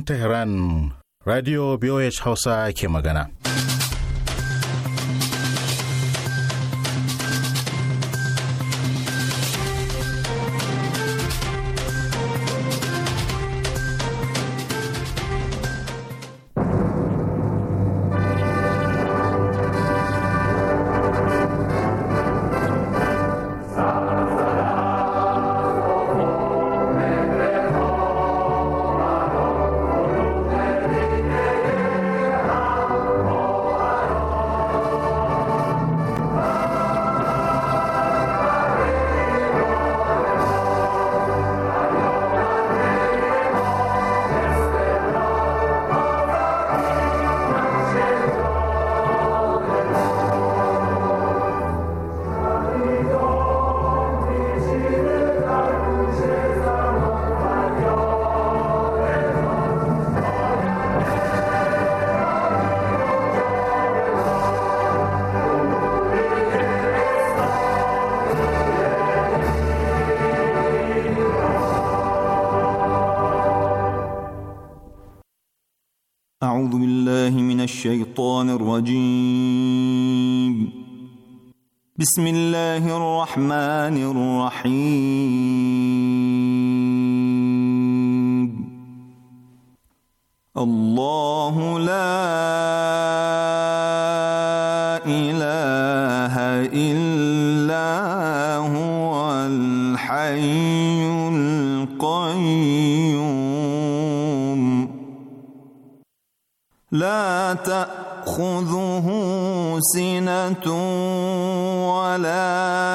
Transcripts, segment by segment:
Tehran, Radio BOH Hausa ke magana. بسم الله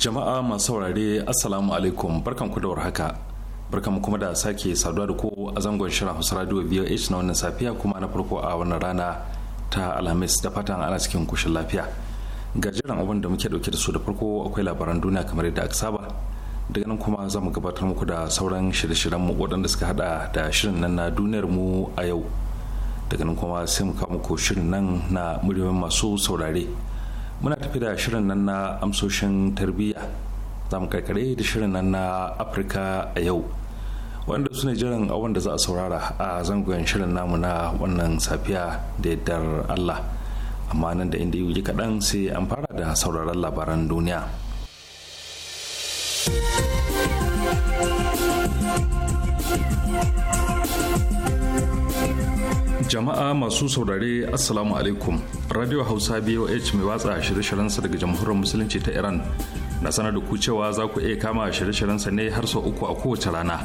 jama'a masu saurare assalamu alaikum barkan ku da warhaka barkan kuma da sake saduwa da ku a zangon shirin hausa radio voh na wannan safiya kuma na farko a wannan rana ta alhamis da fatan ana cikin kushin lafiya ga jiran abin da muke dauke da su da farko akwai labaran duniya kamar yadda aka saba daga nan kuma za mu gabatar muku da sauran shirye-shiryen mu waɗanda suka hada da shirin nan na duniyar mu a yau daga nan kuma sai mu kawo muku shirin nan na muryoyin masu saurare muna tafi da shirin nan na amsoshin tarbiyya za mu karkare da shirin nan na afirka a yau wanda su ne jiran awon da za a saurara a zangon shirin namu na wannan safiya da yardar allah amma nan da inda yi kaɗan sai an fara da sauraron labaran duniya jama'a masu saurare assalamu alaikum radio hausa boh mai watsa shirye shiryen sa daga jamhuriyar musulunci ta iran na sanar da ku cewa za ku iya kama shirye shiryen sa ne har sau uku a kowace rana.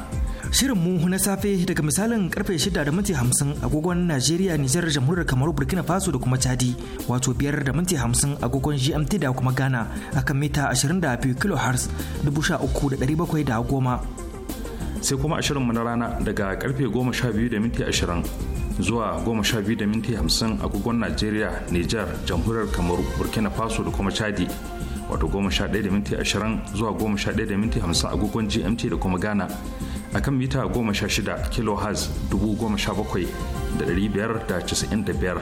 Shirin mu na safe daga misalin karfe shida da minti hamsin agogon Najeriya, Nijar, Jamhuriyar Kamaru, Burkina Faso da kuma Chadi, wato biyar da minti hamsin agogon GMT da kuma Ghana akan mita 22 kHz 13,710. Sai kuma a shirinmu na rana daga karfe goma sha biyu da minti ashirin zuwa biyu da minti 50 agogon najeriya nijar jamhuriyar kamaru burkina faso da kuma chadi wato 11 da minti 20 zuwa 11 da minti 50 agogon gmt da kuma ghana a kan mita 16 kilohertz biyar.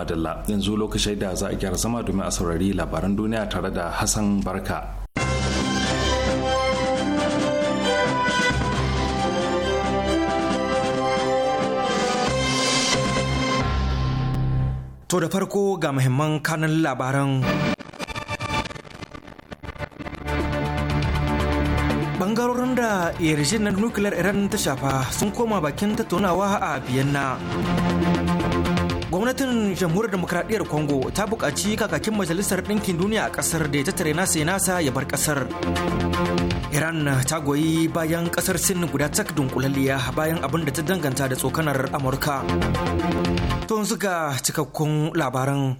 madalla yanzu lokacin da za a gyara zama domin a saurari labaran duniya tare da hassan barka To da farko ga muhimman kanan labaran. Bangarorin da yarjejeniyar nukiliyar Iran ta shafa sun koma bakin tattaunawa a Vienna. gwamnatin jamhuriyar demokradiyyar congo ta buƙaci kakakin majalisar ɗinkin duniya a ƙasar da ta tare nasa nasa ya bar ƙasar iran ta goyi bayan ƙasar sin guda tak dunkulalliya bayan abin da ta danganta da tsokanar amurka to suka cikakkun labaran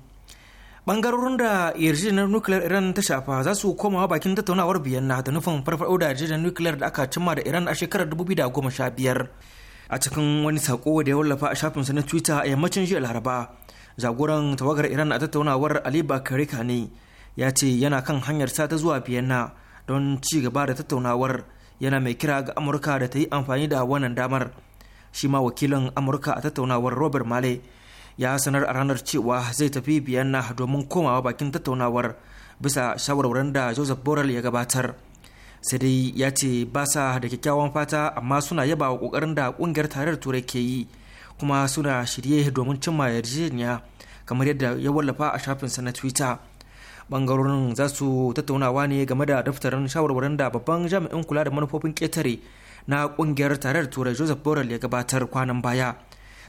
bangarorin da yarjejeniyar nukiliyar iran ta shafa za su komawa bakin tattaunawar biyanna da nufin farfaɗo da yarjejeniyar nukiliyar da aka cimma da iran a shekarar 2015 a cikin wani sako da ya wallafa a shafinsa na twitter a yammacin jiya laraba zagoran tawagar iran a tattaunawar ali bakari kane ya ce yana kan hanyar ta zuwa vienna don ci gaba da tattaunawar yana mai kira ga amurka da ta yi amfani da wannan damar shi ma wakilin amurka a tattaunawar robert male ya sanar a ranar cewa zai tafi vienna domin komawa bakin tattaunawar bisa shawarwarin da joseph borrell ya gabatar sai dai ya ce ba sa da kyakkyawan fata amma suna yaba wa kokarin da kungiyar tarayyar turai ke yi kuma suna shirye domin cimma yarjejeniya kamar yadda ya wallafa a shafin sa na twitter bangarorin za su tattaunawa ne game da daftarin shawarwarin da babban jami'in kula da manufofin ketare na kungiyar tarayyar turai joseph borrell ya gabatar kwanan baya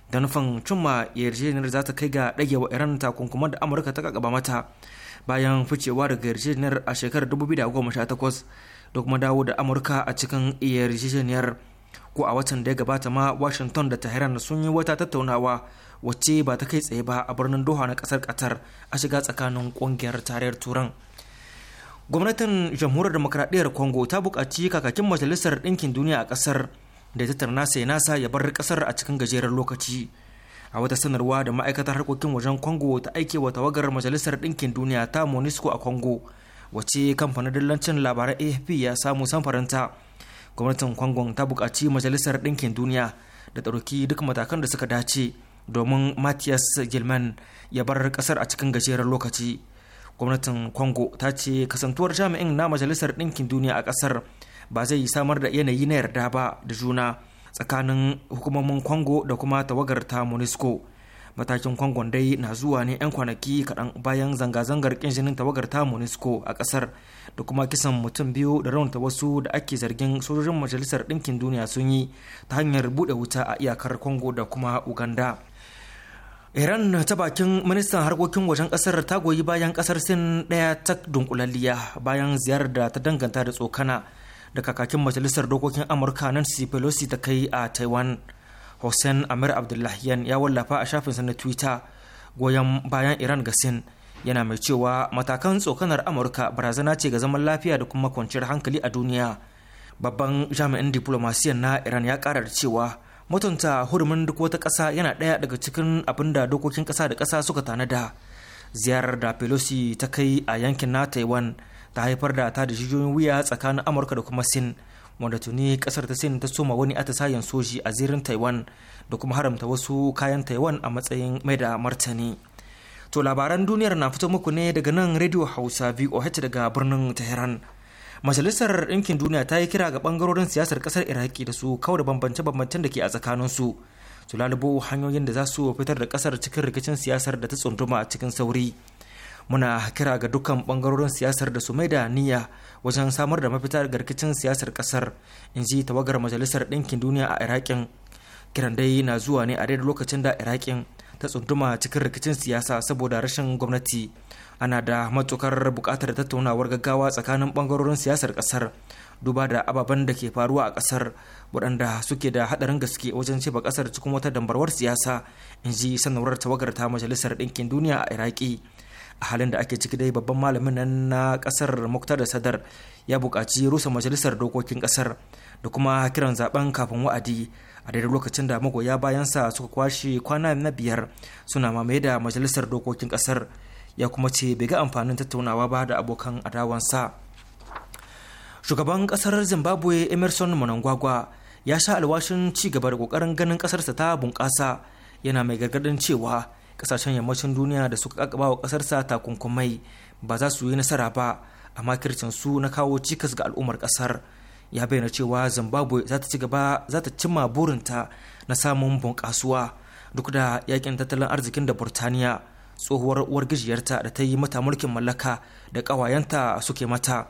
da nufin cimma yarjejeniyar za ta kai ga ɗage wa iran takunkuman da amurka ta kakaba mata bayan ficewa daga yarjejeniyar a shekarar 2018 da kuma dawo da amurka a cikin yarjejeniyar ko a watan da ya gabata ma washington da tehran sun yi wata tattaunawa wacce ba ta kai tsaye ba a birnin doha na kasar qatar a shiga tsakanin kungiyar tarayyar turan gwamnatin jamhuriyar demokradiyyar congo ta buƙaci kakakin majalisar ɗinkin duniya a ƙasar da ta tarna sai nasa ya bar ƙasar a cikin gajeren lokaci a wata sanarwa da ma'aikatar harkokin wajen congo ta aike wa tawagar majalisar ɗinkin duniya ta monisco a congo wace kamfanin dillancin labaran afp ya samu samfarinta gwamnatin kwangon ta bukaci majalisar ɗinkin duniya da ɗauki duk matakan da suka dace domin matthias gilman ya bar ƙasar a cikin gajeren lokaci gwamnatin kwango ta ce kasantuwar jami'in na majalisar ɗinkin duniya a ƙasar ba zai samar da yanayi na yarda ba da juna tsakanin hukumomin kwango da kuma tawagar ta monisco matakin kwangon dai na zuwa ne 'yan kwanaki kaɗan bayan zanga-zangar ƙin jinin tawagar ta monisco a ƙasar da kuma kisan mutum biyu da raunta wasu da ake zargin sojojin majalisar ɗinkin duniya sun yi ta hanyar buɗe wuta a iyakar congo da kuma uganda iran ta bakin ministan harkokin wajen ƙasar ta goyi bayan ƙasar sin ɗaya ta dunkulaliya bayan ziyarar da ta danganta da tsokana da kakakin majalisar dokokin amurka nancy pelosi ta kai a taiwan hussein amir abdullahiyan ya wallafa a shafinsa na twitter goyon bayan iran ga sin yana mai cewa matakan tsokanar amurka barazana ce ga zaman lafiya da kuma kwanciyar hankali a duniya babban jami'in diplomasiyan na iran ya karar cewa mutunta hurumin duk wata ƙasa yana ɗaya daga cikin abin da dokokin ƙasa da ƙasa suka tanada ziyarar da pelosi ta kai a yankin na taiwan ta haifar da ta da jijiyoyin wuya tsakanin amurka da kuma sin wanda tuni kasar ta sin ta soma wani atisayen soji a zirin taiwan da kuma haramta wasu kayan taiwan a matsayin mai da martani to labaran duniyar na fito muku ne daga nan radio hausa voh daga birnin tehran majalisar ɗinkin duniya ta yi kira ga ɓangarorin siyasar ƙasar iraki da su kawo da bambance-bambancen da ke a tsakaninsu su lalubo hanyoyin da za su fitar da ƙasar cikin rikicin siyasar da ta tsunduma cikin sauri muna kira ga dukkan bangarorin siyasar da su maida niyya wajen samar da mafita ga rikicin siyasar kasar in ji tawagar majalisar ɗinkin duniya a iraƙin kiran dai na zuwa ne a daidai lokacin da iraƙin ta tsunduma cikin rikicin siyasa saboda rashin gwamnati ana da matukar buƙatar tattaunawar gaggawa tsakanin bangarorin siyasar kasar duba da ababen da ke faruwa a kasar waɗanda suke da haɗarin gaske wajen ba kasar cikin wata dambarwar siyasa in ji sanarwar tawagar ta majalisar ɗinkin duniya a iraki a halin da ake ciki dai babban malamin nan na kasar da sadar ya buƙaci rusa majalisar dokokin kasar da kuma kiran zaben kafin wa'adi a daidai lokacin da magoya bayansa suka kwashe kwana na biyar suna mamaye da majalisar dokokin kasar ya kuma ce bai ga amfanin tattaunawa ba da abokan adawansa shugaban kasar zimbabwe emerson mnangagwa ya sha alwashin ci gaba da kokarin ganin kasarsa ta bunƙasa yana mai gargadin cewa kasashen yammacin duniya da suka kakaba wa kasarsa takunkumai ba za su yi nasara ba a makircin su na kawo cikas ga al'ummar kasar ya bayyana cewa zimbabwe za ta ci gaba za ta cimma burinta na samun bunƙasuwa duk da yakin tattalin arzikin da burtaniya tsohuwar uwar gijiyarta da ta yi mata mulkin mallaka da ƙawayenta suke mata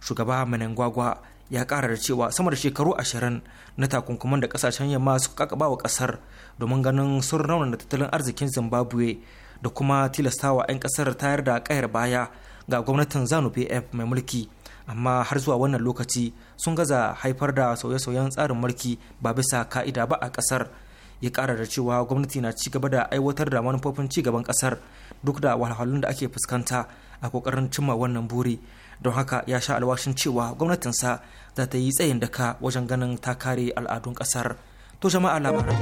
shugaba menengwagwa ya kara da cewa sama da shekaru ashirin na takunkuman da kasashen yamma suka kakaba wa kasar domin ganin sun raunana tattalin arzikin zimbabwe da kuma tilastawa 'yan kasar tayar da kayar baya ga gwamnatin zanu pf mai mulki amma har zuwa wannan lokaci sun gaza haifar da sauye-sauyen tsarin mulki ba bisa ka'ida ba a kasar ya kara da cewa gwamnati na ci gaba da aiwatar da manufofin ci gaban kasar duk da wahalhalun da ake fuskanta a kokarin cimma wannan buri don haka ya sha alwashin cewa gwamnatinsa za ta yi tsayin daka wajen ganin ta kare al'adun ƙasar to jama'a labaran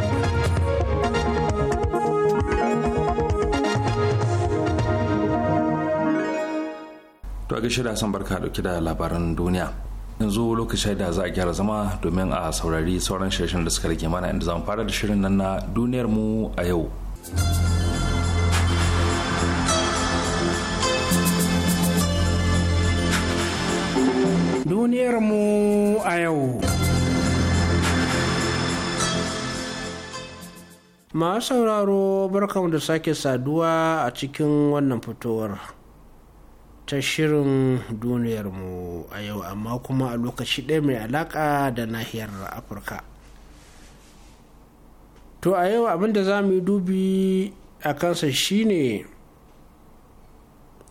to a gaishe da san barka dauke da labaran duniya yanzu lokacin da za a gyara zama domin a saurari sauran shirin da suka rage mana inda zan fara da shirin nan na duniyar mu a yau duniyarmu a yau. Masu sauraro barkamu da sake saduwa a cikin wannan fitowar ta shirin duniyarmu a yau amma kuma a lokaci ɗaya mai alaƙa da nahiyar Afirka. To a yau abinda za mu yi dubi a kansa shine ne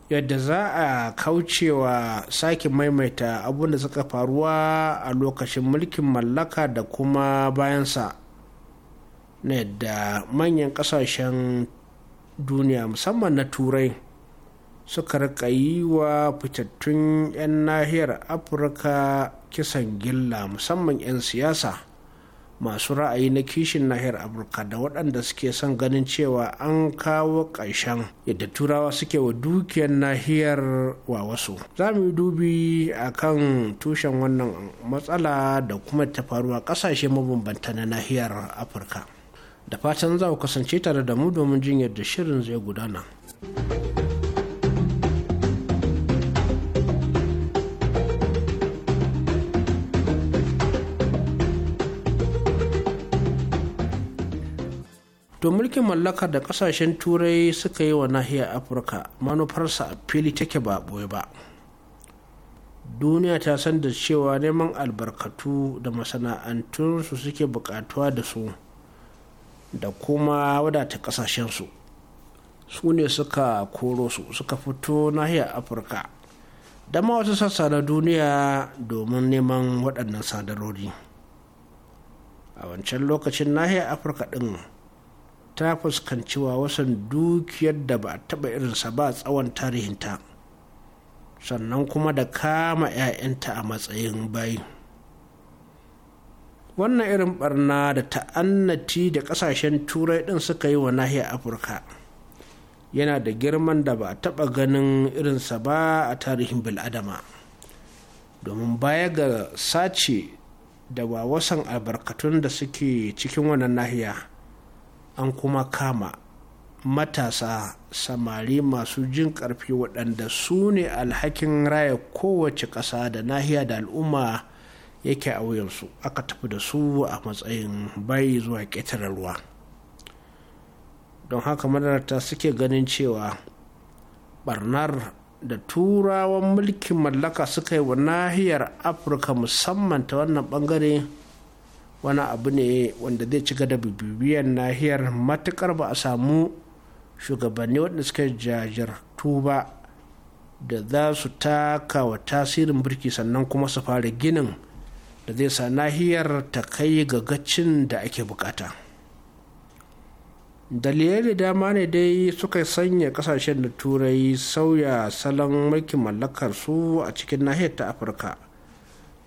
yadda za a kaucewa sake maimaita abin da suka faruwa a lokacin mulkin mallaka da kuma bayansa na yadda manyan kasashen duniya musamman na turai suka rika yi wa fitattun 'yan nahiyar afirka kisan gilla musamman 'yan siyasa masu ra'ayi na kishin nahiyar afirka da waɗanda suke son ganin cewa an kawo ƙarshen yadda turawa suke wa dukiyar nahiyar wa wasu za mu yi dubi a kan tushen wannan matsala da kuma ta faruwa ƙasashe mabambanta na nahiyar afirka da fatan za ku kasance tare da mu domin jin yadda shirin zai gudana. to mulkin mallakar da kasashen turai suka yi wa nahiyar afirka manufarsa a fili take ba ɓoye ba duniya ta san da cewa neman albarkatu da masana'antunsu suke bukatuwa da su da kuma wadata kasashensu su ne suka koro su suka fito nahiyar afirka da ma wasu sassa na duniya domin neman waɗannan sadarori a wancan lokacin nahiyar afirka ɗin ta fuskanci wa wasan dukiyar da ba taba irinsa ba tsawon tarihinta sannan kuma da kama 'ya'yanta a matsayin bayi wannan irin barna da ta'annati da ƙasashen turai ɗin suka yi wa nahiyar afirka yana da girman da ba a taba ganin irinsa ba a tarihin bil'adama domin baya ga sace da ba wasan albarkatun da suke cikin wannan nahiya an kuma kama matasa samari masu jin ƙarfi waɗanda su ne alhakin raya kowace ƙasa da nahiya da al'umma yake a wuyansu aka tafi da su a matsayin bayi zuwa ƙetaren ruwa don haka madarata suke ganin cewa barnar da turawan mulkin mallaka suka yi wa nahiyar afirka musamman ta wannan bangare wani abu ne wanda zai ci da bibiyar nahiyar matukar ba a samu shugabanni waɗanda suka jajirtu ba da za su taka wa tasirin birki sannan kuma su fara ginin da zai sa nahiyar ta kai ga gacin da ake bukata dalilai da dama ne dai suka sanya kasashen da turai sauya salon mulkin mallakar su a cikin nahiyar ta afirka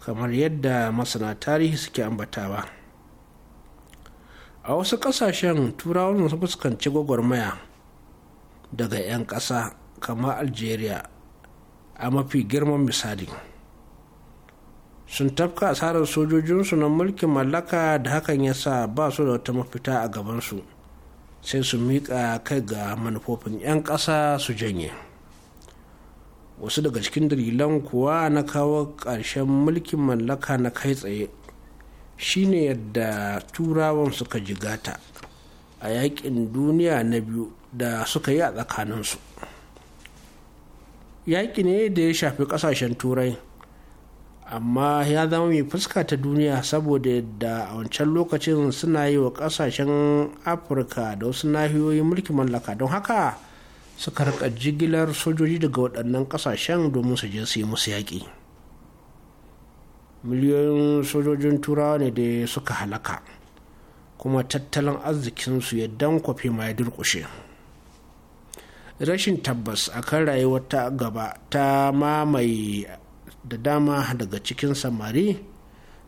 kamar yadda masana tarihi suke ambatawa a wasu kasashen turawan sun fuskanci gwagwarmaya daga 'yan ƙasa kamar algeria a mafi girman misali sun tafka asarar sojojinsu na mulkin mallaka da hakan ya sa ba su da wata mafita a gabansu sai su miƙa kai ga manufofin 'yan ƙasa su janye. wasu daga cikin dalilan kuwa na kawo ƙarshen mulkin mallaka na kai tsaye shine yadda turawan suka jigata a yakin duniya na biyu da suka yi a tsakaninsu yaƙi ne da ya shafi ƙasashen turai amma ya zama mai fuska ta duniya saboda yadda a wancan lokacin suna yi wa ƙasashen afirka da wasu nahiyoyin mulkin mallaka don haka suka rika jigilar sojoji daga waɗannan ƙasashen domin su je su yi musu yaƙi miliyoyin sojojin turawa ne da suka halaka kuma tattalin arzikinsu ya dankwafe ma ya durƙushe rashin tabbas a kan rayuwar ta gaba ta mamaye da dama daga cikin samari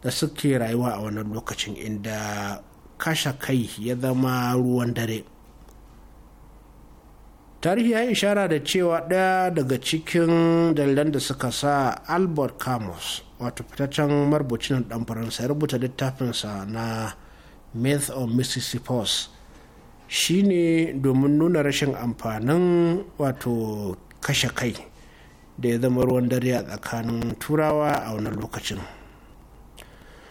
da suke rayuwa a wannan lokacin inda kashe kai ya zama ruwan dare tarihi ya yi ishara da cewa ɗaya daga cikin dalilan da suka sa albert camus wato fitaccen marubucin dan faransa ya rubuta littafinsa na myth of mississippi shine domin nuna rashin amfanin wato kashe kai da ya zama ruwan dare a tsakanin turawa a wani lokacin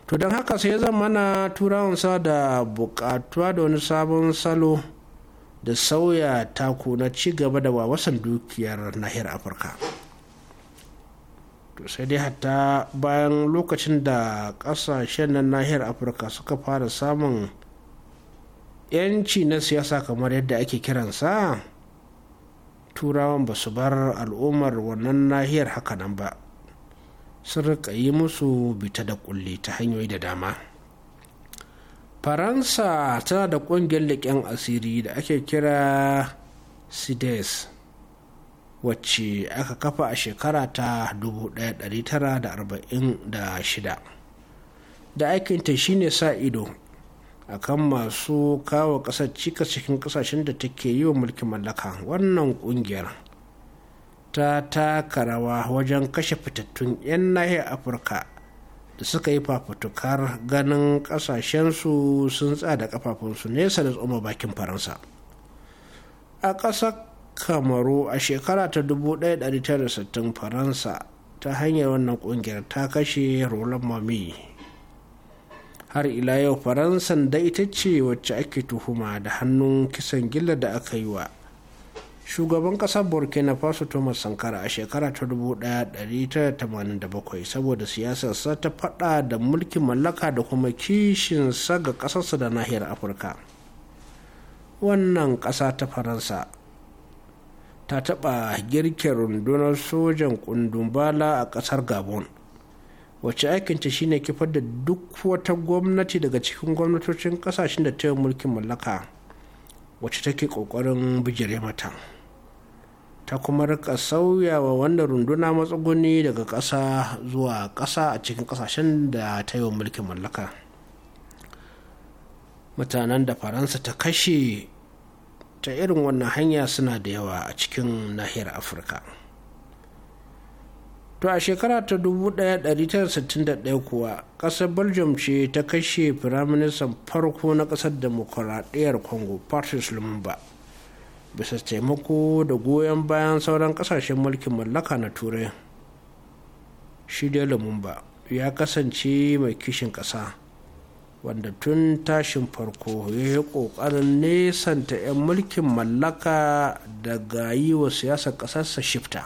to don haka sai ya zama mana turawansa da bukatuwa da wani sabon salo da sauya taku na ci gaba da wawasan dukiyar nahiyar afirka to sai dai hatta bayan lokacin da kasashen na nahiyar afirka suka fara samun yanci na siyasa kamar yadda ake kiransa turawan ba su bar al'ummar wannan nahiyar hakanan ba sun rika yi musu bita da kulle ta hanyoyi da dama faransa tana da ƙungiyar leƙen asiri da ake kira cides wacce aka kafa a shekara ta 1946 da aikinta shine sa ido a kan masu kawo ƙasar cika cikin ƙasashen da take yi wa mulkin mallaka wannan ƙungiyar ta taka rawa wajen kashe fitattun 'yan nahiyar afirka da suka yi fafutukar ganin kasashensu sun tsada kafafunsu nesa da tsoma bakin faransa a ƙasar kamaru a shekara ta 1960 faransa ta hanyar wannan ƙungiyar ta kashe roland mami har ila yau faransa da ita ce wacce ake tuhuma da hannun kisan gilla da aka yi wa shugaban kasar burkina faso thomas sankara a shekara ta 1987 saboda siyasarsa ta fada da mulkin mallaka da kuma kishinsa ga kasarsa da nahiyar afirka wannan kasa ta faransa ta taba girke rundunar sojan Bala a kasar gabon wacce aikinta shine kifar da duk wata gwamnati daga cikin gwamnatocin kasashen da ta yi mulkin mallaka wacce take ƙoƙarin bijire mata ta kuma rika wa wannan runduna matsuguni daga ƙasa zuwa ƙasa a cikin ƙasashen da ta yi wa mulkin mallaka mutanen da faransa ta kashe ta irin wannan hanya suna da yawa a cikin nahiyar afirka to a shekara ta 1961 kuwa ƙasar belgium ce ta kashe firaministan farko na ƙasar demokuraɗiyar congo patrice lumumba bisa taimako da goyon bayan sauran ƙasashen mulkin mallaka na turai shi dai lumumba ya kasance mai kishin ƙasa wanda tun tashin farko ya yi ƙoƙarin nesanta 'yan mulkin mallaka daga yi wa siyasar ƙasarsa shifta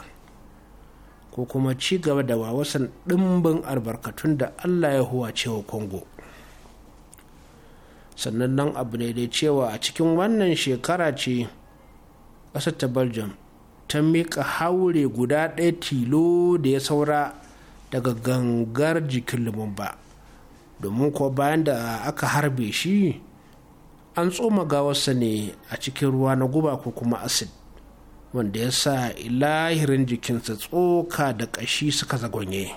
ko kuma ci gaba da wawasan ɗimbin albarkatun da allah ya huwa cewa congo sannan nan abu ne da cewa a cikin wannan shekara ce ƙasar ta belgium ta miƙa haure guda ɗaya tilo da ya saura daga gangar jikin lumumba domin kuwa bayan da aka harbe shi an tsoma gawarsa ne a cikin ruwa na guba ko kuma asid wanda ya sa lahirin jikinsa tsoka da ƙashi suka zagonye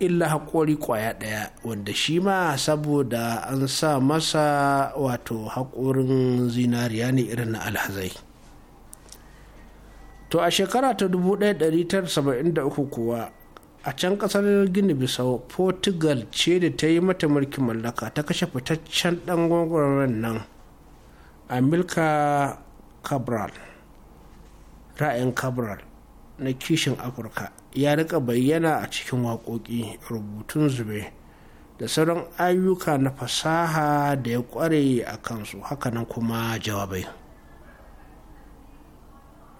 illa haƙori ƙwaya ɗaya wanda shi ma saboda an sa masa wato haƙorin zinariya ne irin na alhazai to a shekara ta 1973 kuwa a can ƙasar gini bisau portugal ce da ta yi mata mulkin mallaka ta kashe fitaccen ɗan gwagwarmen nan amilka cabral ra'ayin cabral na kishin afirka ya rika bayyana a cikin waƙoƙi rubutun zube da sauran ayyuka na fasaha da ya kware a kansu hakanan kuma jawabai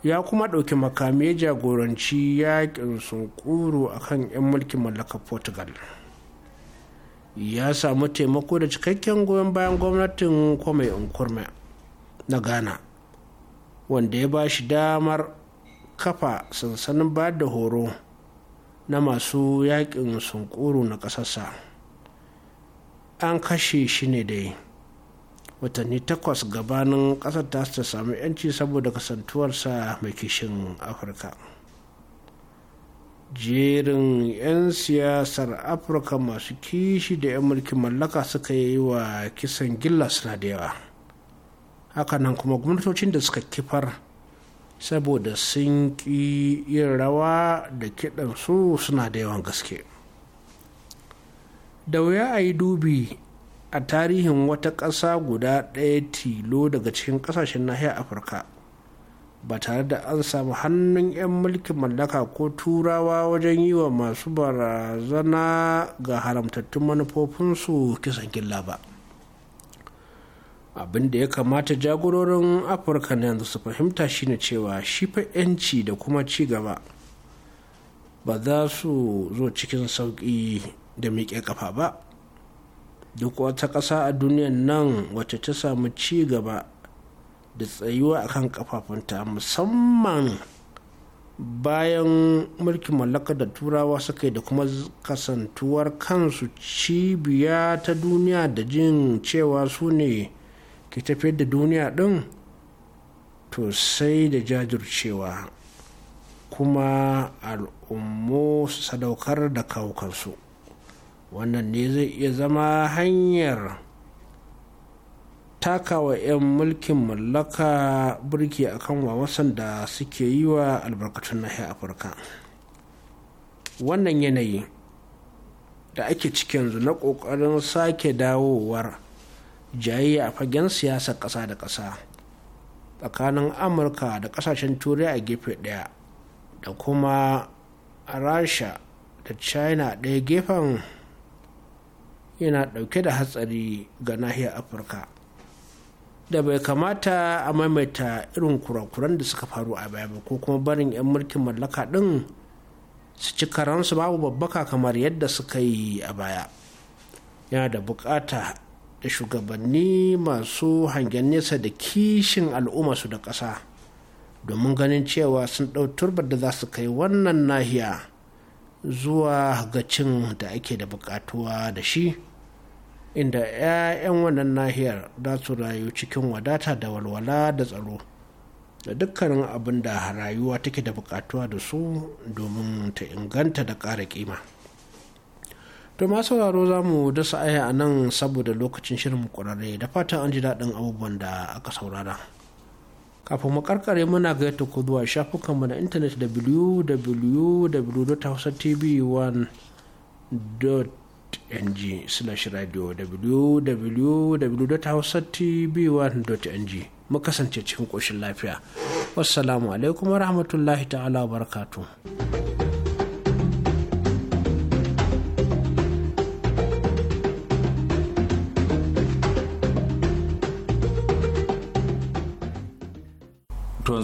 ya kuma ɗauki makami jagoranci yaƙin sunkuru a kan 'yan mulkin mallakar portugal ya samu taimako da cikakken goyon bayan gwamnatin kwamai nkurma na ghana wanda ya ba shi damar kafa sansanin ba da horo na masu yakin sunkuru na ƙasarsa an kashe shi ne dai watanni takwas gabanin ƙasar ta ta sami yanci saboda kasantuwarsa mai kishin afirka jerin 'yan siyasar afirka masu kishi da 'yan mulkin mallaka suka yi wa kisan gillas na da yawa hakanan kuma gwamnatocin da suka kifar saboda sun ƙi yin rawa da kiɗan su suna da yawan gaske da wuya a yi dubi a tarihin wata ƙasa guda ɗaya tilo daga cikin ƙasashen nahiyar afirka ba tare da an samu hannun 'yan mulkin mallaka ko turawa wajen yi wa masu barazana ga haramtattun manufofinsu kisan killa ba. abin da ya kamata jagororin afirka na yanzu su fahimta shine cewa shi fa 'yanci da kuma ci gaba ba za su zo cikin sauƙi da miƙe ƙafa ba duk wata ƙasa a duniyan nan wacce ta samu ci gaba da tsayuwa a kan ƙafafunta musamman bayan mulkin mallaka da turawa suka yi da kuma kasantuwar kansu cibiya ta duniya da jin cewa su ne ki tafiyar da duniya ɗin to sai da jajircewa kuma al'ummu su sadaukar da kawukansu wannan ne zai iya zama hanyar takawa 'yan mulkin mallaka birki akan wawasan da suke yi wa albarkatun nahiyar afirka wannan yanayi da ake cikin yanzu na ƙoƙarin sake dawowar jayayya a fagen siyasar ƙasa da ƙasa tsakanin amurka da ƙasashen turai a gefe ɗaya da kuma rasha da china ɗaya gefen yana ɗauke da hatsari ga nahiyar afirka da bai kamata a maimaita irin kurakuran da suka faru a baya ba ko kuma barin 'yan mulkin mallaka ɗin su ci karansu babu babbaka kamar yadda suka yi a baya yana da bukata da shugabanni masu hangen nesa da kishin al'umma su da ƙasa domin ganin cewa sun ɗau turbar da za su kai wannan nahiya zuwa ga cin da ake da buƙatuwa da shi inda 'ya'yan wannan nahiyar za su rayu cikin wadata da walwala da tsaro da dukkanin abin da rayuwa take da buƙatuwa da su domin ta inganta da ƙara kima. To masu sauraro za mu dasa aya a nan saboda lokacin shirin kurare da fatan an ji daɗin abubuwan da aka saurara. Kafin mu karkare muna ga yadda ku zuwa shafukanmu na intanet www.hausatv1.ng slash radio www.hausatv1.ng mu kasance cikin ƙoshin lafiya. Wassalamu alaikum wa rahmatullahi ta'ala wa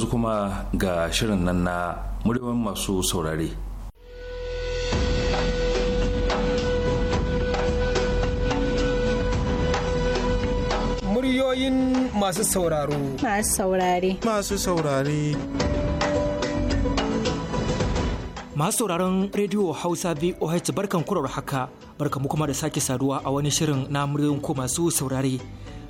yanzu kuma ga shirin nan na muryoyin masu saurare. Muryoyin masu sauraro. Masu saurare. Masu saurare. Masu sauraron rediyo Hausa VOH barkan kurar haka barkamu kuma da sake saduwa a wani shirin na muryoyin ko masu saurare.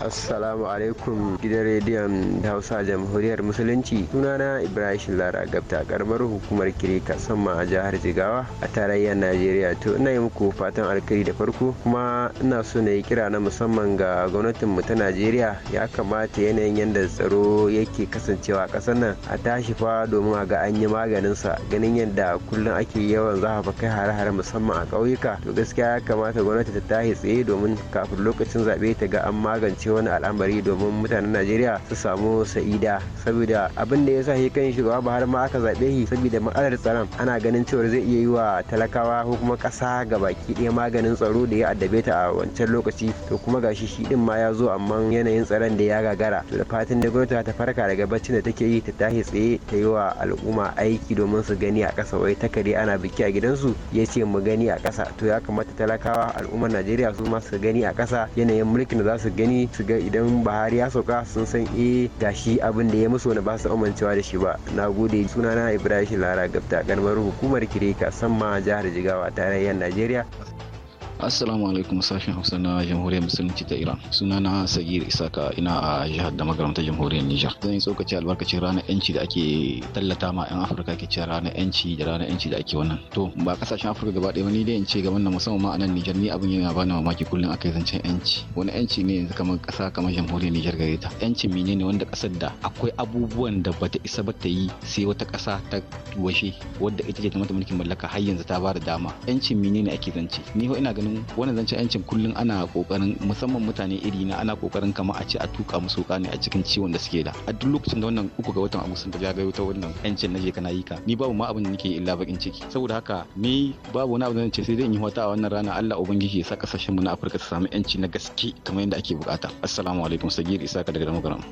assalamu alaikum gidan rediyon hausa jamhuriyar musulunci sunana ibrahim lara gabta karamar hukumar kirika sama a jihar jigawa a tarayyar najeriya to ina yi muku fatan alkari da farko kuma ina so na yi kira na musamman ga gwamnatin mu ta najeriya ya kamata yanayin yadda tsaro yake kasancewa kasar nan a tashi fa domin a ga an yi maganin sa ganin yadda kullum ake yawan za kai hare-hare musamman a ƙauyuka to gaskiya ya kamata gwamnati ta tashi tsaye domin kafin lokacin zaɓe ta ga an magance ce wani al'amari domin mutanen najeriya su samu sa'ida saboda abin da ya sa shi kan shugaba buhari ma aka zaɓe shi saboda matsalar tsaron ana ganin cewa zai iya yi wa talakawa ko kuma ƙasa baki ɗaya maganin tsaro da ya addabe ta a wancan lokaci to kuma gashi shi din ma ya zo amma yanayin tsaron da ya gagara to da fatan da gwamnati ta farka daga baccin da take yi ta tashi tsaye ta yi wa al'umma aiki domin su gani a ƙasa wai kare ana biki a gidansu ya ce mu gani a ƙasa to ya kamata talakawa al'ummar najeriya su ma su gani a ƙasa yanayin mulkin da za su gani su ga idan bahari ya sauka sun san eh gashi abin da ya musu wani ba su amincewa da shi ba na gode sunana ibrahim lara gabta karamar hukumar kirika sama jihar jigawa tarayyar najeriya Assalamu alaikum sashen Hausa na Jamhuriyar Musulunci ta Iran. suna na Sagir Isaka ina a jihar da magaramta Jamhuriyar Nijar. Zan yi tsokaci albarkacin ranar yanci da ake tallata ma 'yan Afirka ke cewa ranar yanci da ranar yanci da ake wannan. To ba kasashen Afirka gaba ɗaya ni dai in ce gaban na musamman ma a nan Nijar ni abin yana bani mamaki kullum aka yi zancen yanci. Wani yanci ne yanzu kamar ƙasa kamar Jamhuriyar Nijar gare ta. Yancin mene ne wanda ƙasar da akwai abubuwan da bata isa ba ta yi sai wata ƙasa ta washe wadda ita ce ta mata mulkin mallaka har yanzu ta ba da dama. Yancin mene ne ake zance. Ni ina ganin mu wannan zancen yancin kullum ana kokarin musamman mutane iri na ana kokarin kamar a ce a tuka musu ne a cikin ciwon da suke da a duk lokacin da wannan uku ga watan agustan da zagayo ta wannan yancin naje kana yi ka ni babu ma abin da nake illa bakin ciki saboda haka ni babu wani abu da ce sai dai in yi wata a wannan rana Allah ubangiji ya sa sashen mu na Afirka su samu yanci na gaske kamar yadda ake bukata assalamu alaikum sagir isaka daga damagaram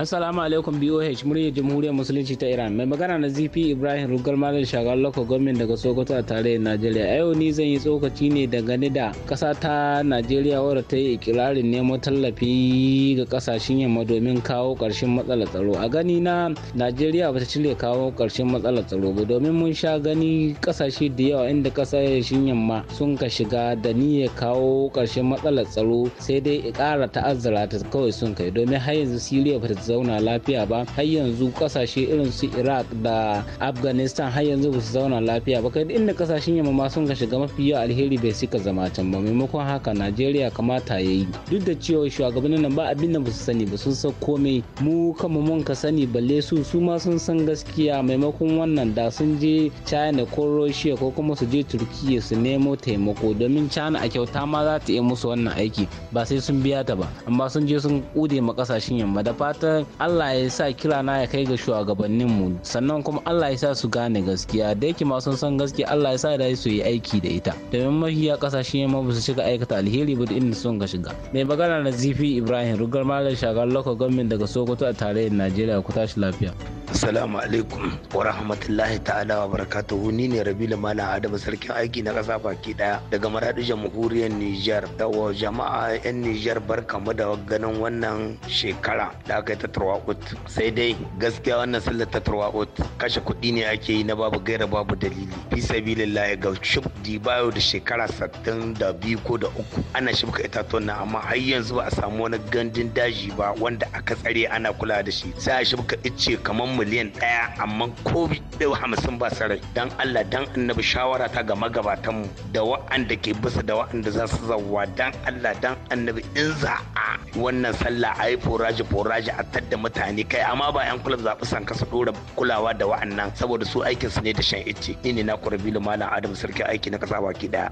assalamu alaikum BOH muryar jamhuriyar musulunci ta Iran mai magana na ZP Ibrahim Rugal Malam Shagal Loko gwamnati daga Sokoto a tarayyar Najeriya a yau ni zan yi tsokaci ne dangane da ƙasa ta najeriya wadda ta yi ikirarin neman tallafi ga ƙasashen yamma domin kawo ƙarshen matsalar tsaro a gani na najeriya ba ta cire kawo ƙarshen matsalar tsaro ba domin mun sha gani ƙasashe da yawa inda ƙasashen yamma sun ka shiga da niyyar kawo ƙarshen matsalar tsaro sai dai ƙara ta'azzara ta kawai sun kai domin har yanzu siriya ba ta zauna lafiya ba har yanzu ƙasashe irin su iraq da afghanistan har yanzu ba su zauna lafiya ba kai inda ƙasashen yamma ma sun ka shiga mafi yawa alheri bai suka zama ba maimakon haka najeriya kamata ya yi duk da cewa shugabannin nan ba abin da ba su sani ba sun san komai mu kama mun ka sani balle su su ma sun san gaskiya maimakon wannan da sun je china ko russia ko kuma su je turkiya su nemo taimako domin china a kyauta ma za ta iya musu wannan aiki ba sai sun biya ta ba amma sun je sun kude ma kasashen yamma da fatan allah ya sa kira na ya kai ga shugabannin mu sannan kuma allah ya sa su gane gaskiya da yake ma sun san gaskiya allah ya sa da su yi aiki da ita domin mafiya kasashen cikin yamma ba su cika aikata alheri ba inda sun ga shiga mai magana na zifi ibrahim rugar malam shagar local government daga sokoto a tarayyar najeriya ku tashi lafiya assalamu alaikum wa rahmatullahi ta'ala wa barakatuhu ni ne rabila malam adama sarkin aiki na kasa baki daya daga maradin jamhuriyar nijar da wa jama'a yan niger barkamu da ganin wannan shekara da aka yi ta turwaƙut sai dai gaskiya wannan sallar ta turwaƙut kashe kuɗi ne ake yi na babu gaira babu dalili bisa sabilillahi ga shub bayo da shekara sattin da biyu ko da uku ana shibka itatuwan nan amma har yanzu ba a samu wani gandun daji ba wanda aka tsare ana kula da shi sai a shibka ice kamar miliyan daya amma ko biyu hamsin ba sarai dan Allah dan annabi shawara ta ga magabatan mu da wa'anda ke bisa da wa'anda za su zawa dan Allah dan annabi in za a wannan sallah a yi foraji foraji a tadda mutane kai amma ba yan kulab zaɓi san kasa ɗora kulawa da wa'annan saboda su aikinsu ne da shan ice ni ne na kurabilu malam adam sarki aiki na kasa baki ɗaya.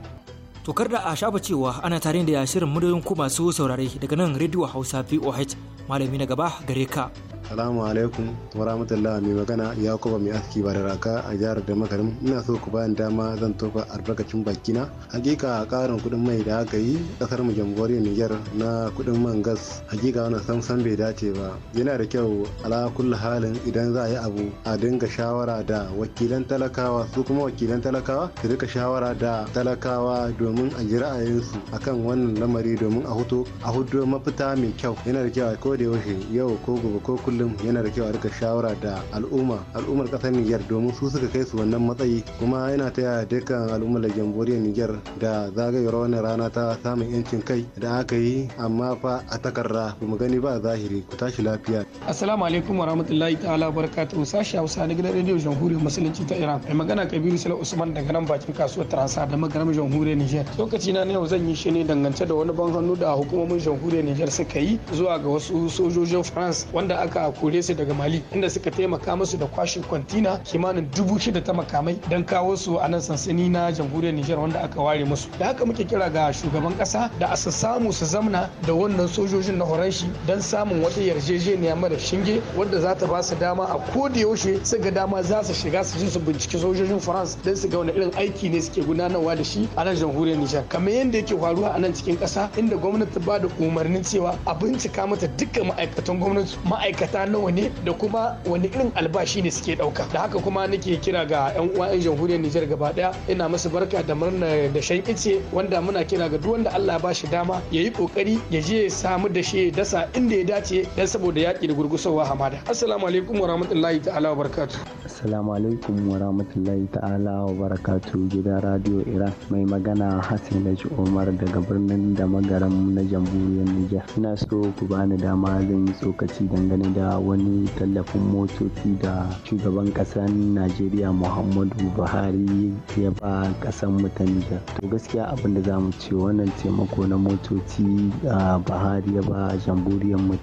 To da a shafa cewa ana tare da shirin muryoyin ku masu saurare daga nan rediyo Hausa VOH malami na gaba gare ka. Salamu alaikum wa rahmatullah mai magana Yakuba mai aski ba da raka a jihar da makarim ina so ku bayan dama zan tofa albarkacin bakina hakika karin kudin mai da aka yi kasar mu jamhuriyar Niger na kudin man gas hakika wannan samsan bai dace ba yana da kyau ala kulli halin idan za a yi abu a dinga shawara da wakilan talakawa su kuma wakilan talakawa su rika shawara da talakawa domin a ji ra'ayinsu akan wannan lamari domin a huto a hudo mafita mai kyau yana da kyau a koda yaushe yau ko gobe ko kullum kullum yana da kyau a shawara da al'umma al'ummar kasar Niger domin su suka kai su wannan matsayi kuma yana taya dukkan al'ummar da jamhuriyar Niger da zagayewar wannan rana ta samun yancin kai da aka yi amma fa a takarda ba mu gani ba zahiri ku tashi lafiya. Assalamu alaikum warahmatullahi ta'ala barakatuhu sashi Hausa na gidan rediyo jamhuriyar musulunci ta Iran mai magana Kabiru Sala Usman daga nan bakin kasuwar Transa da magaram jamhuriyar Niger lokaci na yau zan yi shi ne dangance da wani ban hannu da hukumomin jamhuriyar Niger suka yi zuwa ga wasu sojojin France wanda aka a kore su daga mali inda suka taimaka musu da kwashe kwantina kimanin dubu shida ta makamai don kawo su a nan sansani na jamhuriyar nijar wanda aka ware musu da haka muke kira ga shugaban kasa da a su samu su zamna da wannan sojojin na horanshi don samun wata yarjejeniya mara shinge wanda za ta ba su dama a ko da yaushe su ga dama za su shiga su ji su binciki sojojin france don su ga wani irin aiki ne suke gudanarwa da shi a nan jamhuriyar nijar kamar yadda yake faruwa a nan cikin kasa inda gwamnati ba da umarnin cewa a bincika mata dukkan ma'aikatan gwamnati ma'aikata na nawa ne da kuma wani irin albashi ne suke ɗauka da haka kuma nake kira ga 'yan uwa 'yan jamhuriyar Nijar gaba ɗaya ina masu barka da murna da shan ice wanda muna kira ga duk wanda Allah ya bashi dama ya yi kokari ya je ya samu da shi dasa inda ya dace dan saboda yaki da gurgusowa hamada assalamu alaikum warahmatullahi ta'ala wabarakatuh assalamu alaikum warahmatullahi ta'ala wabarakatuh gidan radio Iran mai magana Hassan Laji Umar daga birnin da magaran na jamhuriyar Nijar ina so ku bani dama zan yi tsokaci dangane da a wani tallafin motoci da shugaban ƙasar najeriya muhammadu buhari ya ba ƙasar mutanija to gaskiya abin da za mu ce wannan taimako na motoci a buhari ya ba jamhuriyar mu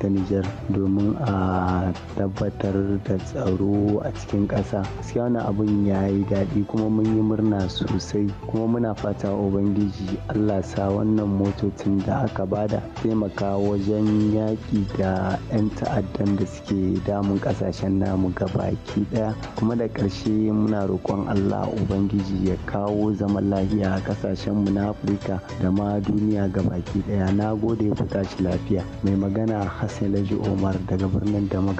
domin a tabbatar da tsaro a cikin ƙasa gaskiya wannan abin ya yi daɗi kuma mun yi murna sosai kuma muna fata ubangiji allah sa wannan motocin da aka bada taimaka wajen yaƙi da 'yan ta'addan da suke damun kasashen namu gabaki daya kuma da ƙarshe muna roƙon allah ubangiji ya kawo zaman lafiya a kasashen mu na afirka da ma duniya gabaki daya na gode ku tashi lafiya mai magana hassan laji omar daga birnin da na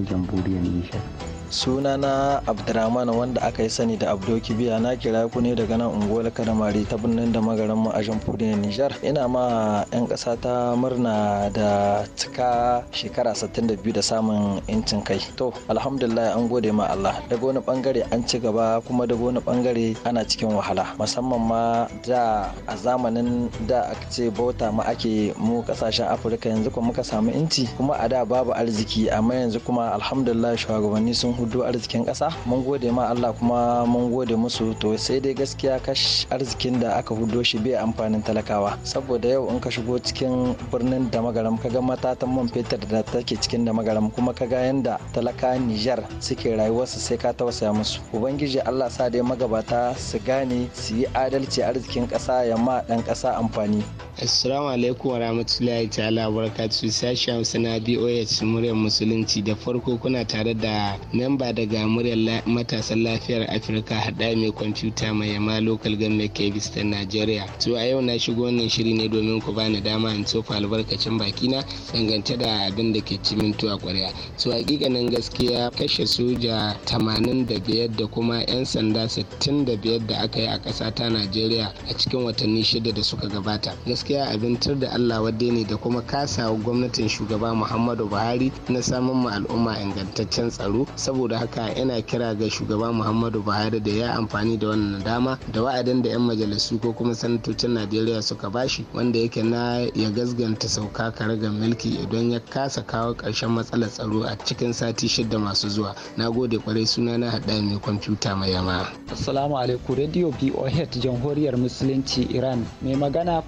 jamhuriyar nishar sunana abdurrahman wanda aka yi sani da abdo kibiya na kira ku ne daga nan unguwar kadamari ta birnin da magaran mu a jamhuriyar nijar ina ma yan ƙasa ta murna da cika shekara 62 da samun incin kai to alhamdulillah an gode ma allah daga wani bangare an ci gaba kuma daga wani bangare ana cikin wahala musamman ma da a zamanin da aka ce bauta ma ake mu kasashen afirka yanzu kuma muka samu inci kuma a da babu arziki amma yanzu kuma alhamdulillah shugabanni sun hudu arzikin ƙasa mun gode ma Allah kuma mun gode musu to sai dai gaskiya kash arzikin da aka hudo shi bai amfanin talakawa saboda yau in ka shigo cikin birnin da magaram ka ga matatan man fetur da take cikin da magaram kuma ka ga yanda talaka Nijar suke rayuwarsu sai ka tausaya musu ubangiji Allah sa dai magabata su gane su yi adalci arzikin ƙasa ya ma ɗan ƙasa amfani assalamu alaikum wa rahmatullahi ta'ala barakatuhu sashen na BOH muryar musulunci da farko kuna tare da na ba daga muryar matasan lafiyar afirka hada mai kwamfuta mai yama local government kebis ta nigeria to a yau na shigo wannan shiri ne domin ku bani dama in tofa albarkacin bakina dangance da abin da ke cimintu a ƙwarya to hakikanin gaskiya kashe soja 85 da kuma 'yan sanda 65 da aka yi a ƙasa ta nigeria a cikin watanni shida da suka gabata gaskiya abintar da allah wadde ne da kuma kasawa gwamnatin shugaba muhammadu buhari na samun ma al'umma ingantaccen tsaro saboda haka yana kira ga shugaba muhammadu buhari da ya amfani da wannan dama da wa'adin da 'yan majalisu ko kuma sanatocin najeriya suka bashi wanda yake na ya gazganta sauka karagar milki idan ya kasa kawo karshen matsalar tsaro a cikin sati shida masu zuwa na gode kwarai suna na haɗa mai kwamfuta mai yama assalamu alaikum radio boh jamhuriyar musulunci iran mai magana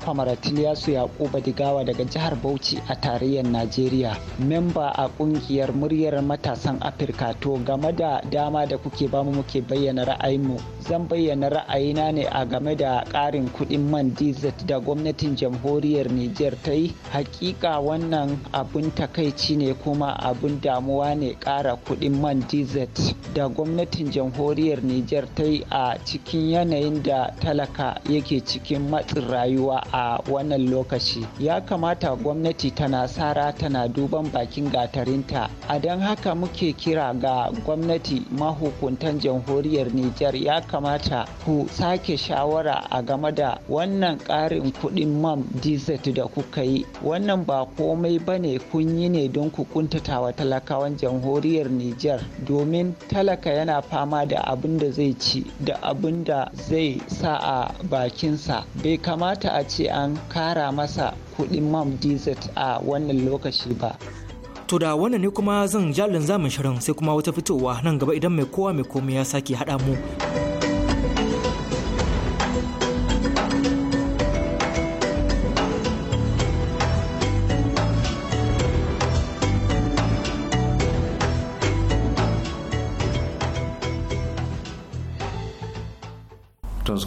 yasu yakuba digawa daga jihar bauchi a tarayyar najeriya memba a kungiyar muryar matasan afirka to game da dama da kuke bamu muke bayyana ra'ayinmu zan bayyana ra'ayina ne a game da ƙarin kuɗin man diesel da gwamnatin jamhuriyar niger ta yi hakika wannan abun takaici ne kuma abun damuwa ne ƙara kuɗin man diesel da gwamnatin jamhuriyar niger ta yi a cikin yanayin da talaka yake cikin matsin rayuwa a wannan lokaci ya kamata gwamnati tana sara tana duban bakin gatarinta a don haka muke kira ga gwamnati mahukuntan jamhuriyar Nijar ya kamata ku sake shawara a game da wannan ƙarin kuɗin man dizet da kuka yi. Wannan ba komai ba ne kun yi ne don ku kuntata wa talakawan jamhuriyar Nijar domin talaka yana fama da abin da zai ci da abin da zai sa a bakinsa. Bai kamata a ce an kara masa kuɗin man dizet a wannan lokaci ba. To da wannan ne kuma zan jalin zamun shirin sai kuma wata fitowa nan gaba idan mai kowa mai komai ya sake haɗa mu.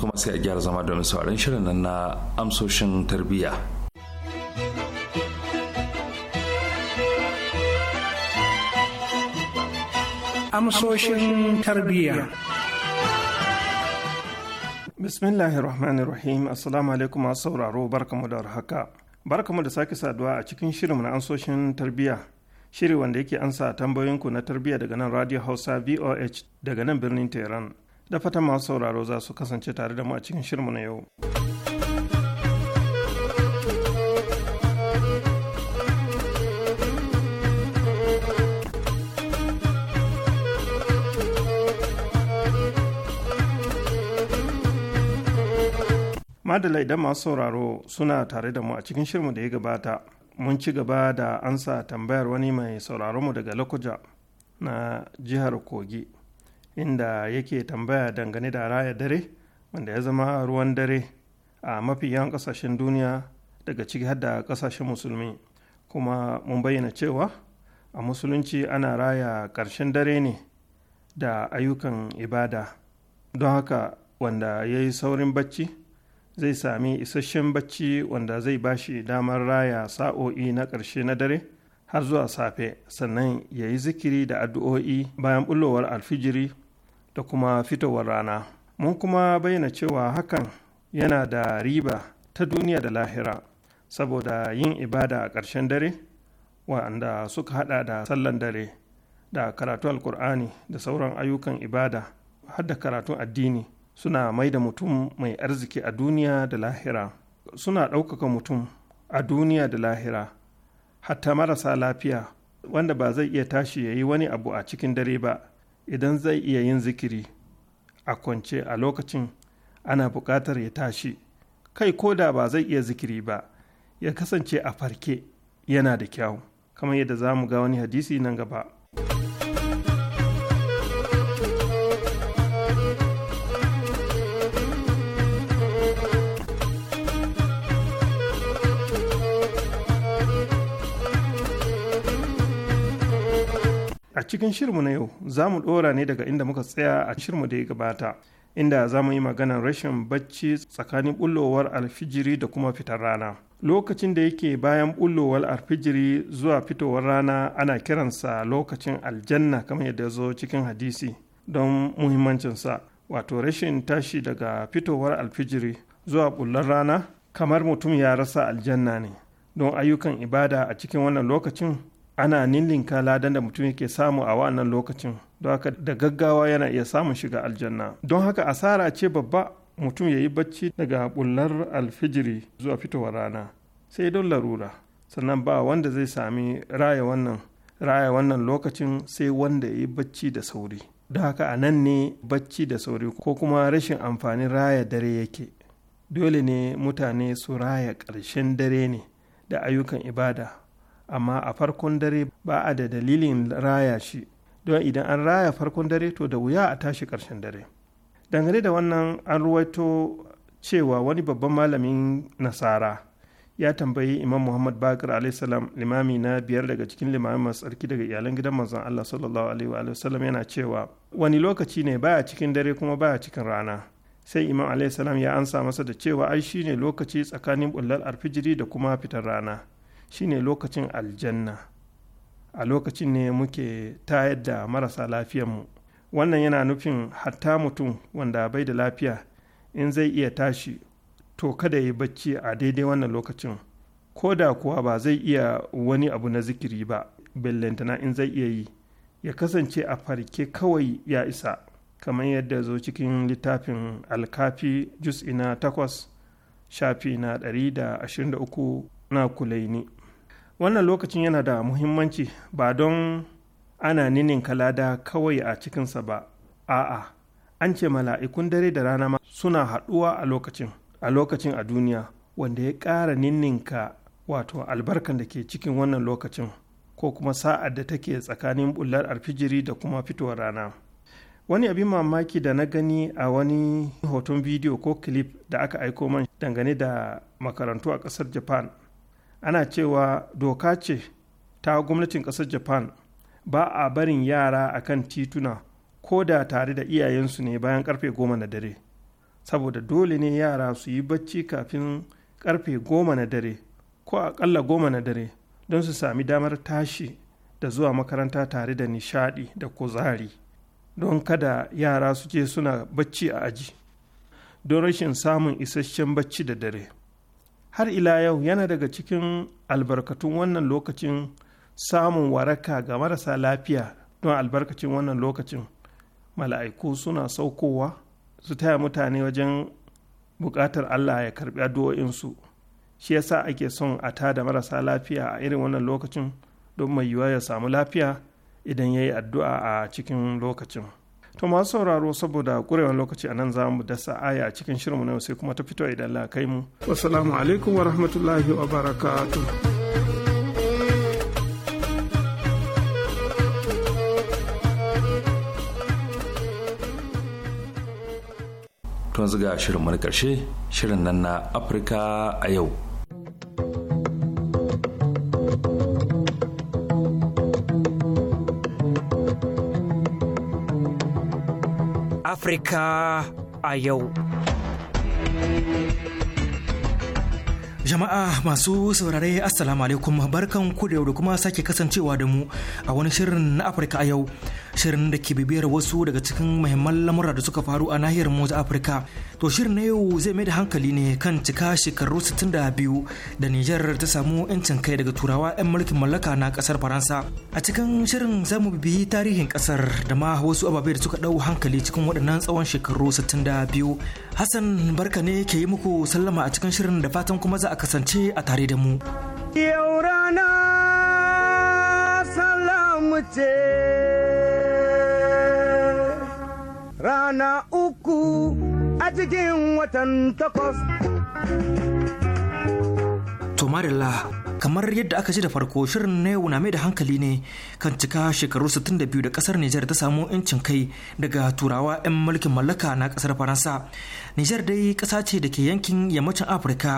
kuma sai a gyara zama domin sauran shirin nan na amsoshin tarbiyya. amsoshin tarbiyya. Rahim, Assalamu alaikum masu sauraro barkamu da warhaka. Barkamu da sake saduwa a cikin shirin na amsoshin tarbiyya. Shiri wanda yake ansa tambayoyinku na tarbiyya daga nan Radio Hausa VOH daga nan birnin Tehran. Da fatan masu sauraro za su kasance tare da mu a cikin shirinmu na yau. madala idan masu sauraro suna tare da mu a cikin shirmu da ya gabata mun ci gaba da ansa tambayar wani mai mu daga lokoja na jihar kogi inda yake tambaya dangane da raya dare wanda ya zama ruwan dare a mafi yawan kasashen duniya daga ciki har da kasashen musulmi kuma mun bayyana cewa a musulunci ana raya ƙarshen dare ne da ayyukan ibada don haka wanda ya yi saurin bacci zai sami isasshen bacci wanda zai ba shi damar raya sa'o'i na ƙarshe na dare har zuwa safe sannan ya yi zikiri da addu'o'i bayan bullowar alfijiri da kuma fitowar rana mun kuma bayyana cewa hakan yana da riba ta duniya da lahira saboda yin ibada a ƙarshen dare wa'anda suka hada da sallan dare da karatu alkur'ani da sauran ayyukan ibada har da karatun addini suna mai da mutum mai arziki a duniya da lahira suna ɗaukaka mutum a duniya da lahira hatta marasa lafiya wanda ba zai iya tashi ya yi wani abu a cikin dare ba idan zai iya yin zikiri a kwance a lokacin ana buƙatar ya tashi kai ko da ba zai iya zikiri ba ya kasance a farke yana da kyau kamar yadda za mu ga wani hadisi nan gaba. a cikin shirmu na yau za mu ɗora ne daga inda muka tsaya a shirmu da ya gabata inda za mu yi maganar rashin bacci tsakanin bullowar alfijiri da kuma fitar rana lokacin da yake bayan bullowar alfijiri zuwa fitowar rana ana kiransa lokacin aljanna kamar yadda zo cikin hadisi don muhimmancinsa wato rashin tashi daga fitowar alfijiri zuwa bullar rana kamar mutum ya rasa aljanna ne don ayyukan ibada a cikin wannan lokacin ana ninninka ladan da mutum yake samu a wannan lokacin don haka da gaggawa yana iya samun shiga aljanna don haka asara ce babba mutum ya yi bacci daga bullar alfijiri zuwa fitowar rana sai don larura sannan ba wanda zai sami raya wannan raya wannan lokacin sai wanda ya yi bacci da sauri don haka a nan ne bacci da sauri ko kuma rashin amfanin raya dare yake dole ne mutane su raya ƙarshen dare ne da ayyukan ibada amma a farkon dare ba a da dalilin raya shi don idan an raya farkon dare to da wuya a tashi ƙarshen dare dangane da wannan an ruwaito cewa wani babban malamin nasara ya tambayi imam muhammad bakar alaihissalam limami na biyar daga cikin limamin masu tsarki daga iyalan gidan manzon allah sallallahu alaihi wa yana cewa wani lokaci ne baya cikin dare kuma baya cikin rana sai imam alaihissalam ya ansa masa da cewa ai shine lokaci tsakanin bullar alfijiri da kuma fitar rana shine lokacin aljanna a lokacin ne muke tayar da marasa lafiyanmu wannan yana nufin hatta mutum wanda bai da lafiya in zai iya tashi to kada ya bacci a daidai wannan lokacin ko da kuwa ba zai iya wani abu na zikiri ba bellantana in zai iya yi ya kasance a farke kawai ya isa kamar yadda zo cikin littafin alkafi jus'ina takwas shafi na 123 na kulaini wannan lokacin yana da muhimmanci ba don ana ninin kalada kawai a cikinsa ba a'a an ce mala'ikun dare da rana ma suna haɗuwa a lokacin a lokacin a duniya wanda ya ƙara ninninka wato albarkan da ke cikin wannan lokacin ko kuma sa'ad da take tsakanin bullar alfijiri da kuma fitowar rana wani abin mamaki da na gani a wani hoton bidiyo ko clip da aka aiko man dangane da makarantu a ƙasar japan ana cewa doka ce ta gwamnatin ƙasar japan ba a barin yara a kan tituna ko da tare da iyayensu ne bayan karfe goma na dare saboda dole ne yara su yi bacci kafin karfe goma na dare ko aƙalla goma na dare don su sami damar tashi da zuwa makaranta tare da nishaɗi da kuzari don kada yara su je suna bacci a aji don rashin samun isasshen bacci da dare. har ila yau yana daga cikin albarkatun wannan lokacin samun waraka ga marasa lafiya don albarkacin wannan lokacin mala'iku suna saukowa su taya mutane wajen buƙatar allah ya karbi addu'o'insu shi yasa ake son a tada marasa lafiya a irin wannan lokacin don mai yiwuwa ya samu lafiya idan ya yi addu'a a cikin lokacin. to masu sauraro saboda kurewan lokaci a nan za mu dasa aya a cikin shirinmu na yau sai kuma ta fito idan la kai mu wasalamu alaikum wa rahmatullahi wa barakatu. tun ziga shirin mana karshe shirin nan na afirka a yau Afirka a yau. Jama'a masu saurare Assalamu alaikum barkan ku da kuma sake kasancewa da mu a wani shirin na Afirka a yau shirin da ke bibiyar wasu daga cikin muhimman lamura da suka faru a nahiyar mu ta Afirka. To shirin na yau zai mai da hankali ne kan cika shekaru 62 da Nijar ta samu 'yancin kai daga turawa 'yan mulkin mallaka na kasar Faransa. A cikin shirin za mu bibiyi tarihin kasar da ma wasu ababe da suka ɗau hankali cikin waɗannan tsawon shekaru 62. Hassan barka ne ke yi muku sallama a cikin shirin da fatan kuma za a kasance a tare da mu. Yau rana salamu ce. rana uku a cikin watan takwas. Tomarilla kamar yadda aka ji da farko shirin na yau na mai da hankali ne kan cika shekaru 62 da kasar Nijar ta samu 'yancin kai daga turawa 'yan mulkin mallaka na kasar Faransa. Nijar dai kasa ce da ke yankin yammacin Afirka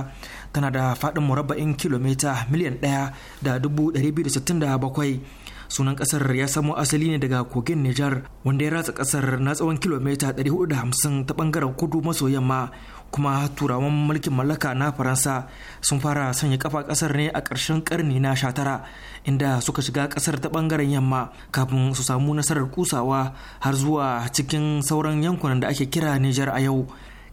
tana da faɗin murabba'in kilomita miliyan 1 da 267 sunan kasar ya samo asali ne daga kogin Nijar wanda ya ratsa kasar na tsawon kilomita 450 ta bangaren kudu maso yamma kuma turawan mulkin mallaka na faransa sun fara sanya kafa kasar ne a ƙarshen karni na shatara inda suka shiga kasar ta bangaren yamma kafin su samu nasarar kusawa har zuwa cikin sauran yankunan da ake kira Nijar a yau